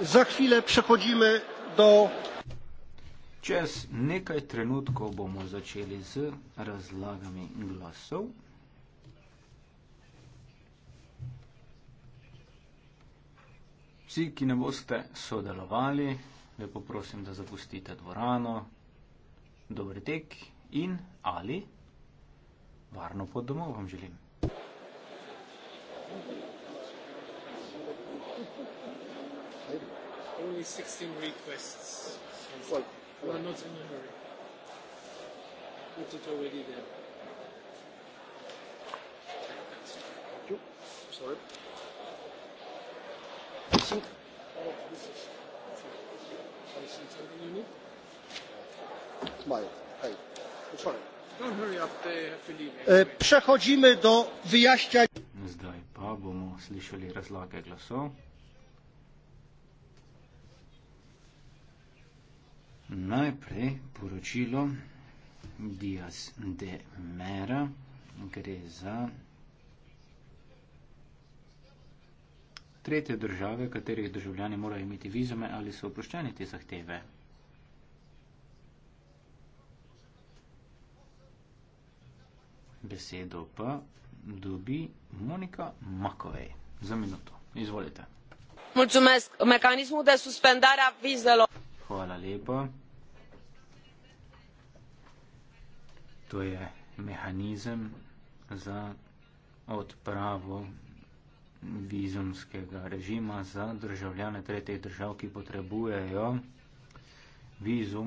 za chwilę przechodzimy do Czas niekaj trenutków bomo zaczęli z rozlagami głosów. Vsi, ki ne boste sodelovali, lepo prosim, da zapustite dvorano, dober tek in ali varno pod domov vam želim. only 16 requests. Well, we are right. not in a hurry. Put it already there. Thank you. Sorry. I think. Oh, this is. I see something you need. My. Hey. Sorry. Přechodíme uh, e, do vyjašťa. Zdaj pa bomo slišali razlage glasov. Najprej poročilo Dias de Mera gre za tretje države, katerih državljani morajo imeti vizume ali so oproščeni te zahteve. Besedo pa dobi Monika Makovej. Za minuto. Izvolite. Mulțumesc. Mecanismul de suspendare a vizelor. Hvala lepa. to je mehanizem za odpravo vizumskega režima za državljane tretjih držav, ki potrebujejo vizum